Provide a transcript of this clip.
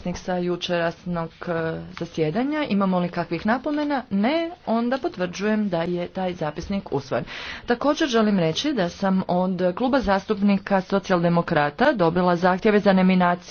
zapisnik sa jučerasnog e, zasjedanja. Imamo li kakvih napomena? Ne, onda potvrđujem da je taj zapisnik usvojen. Također želim reći da sam od kluba zastupnika socijaldemokrata dobila zahtjeve za neminaciju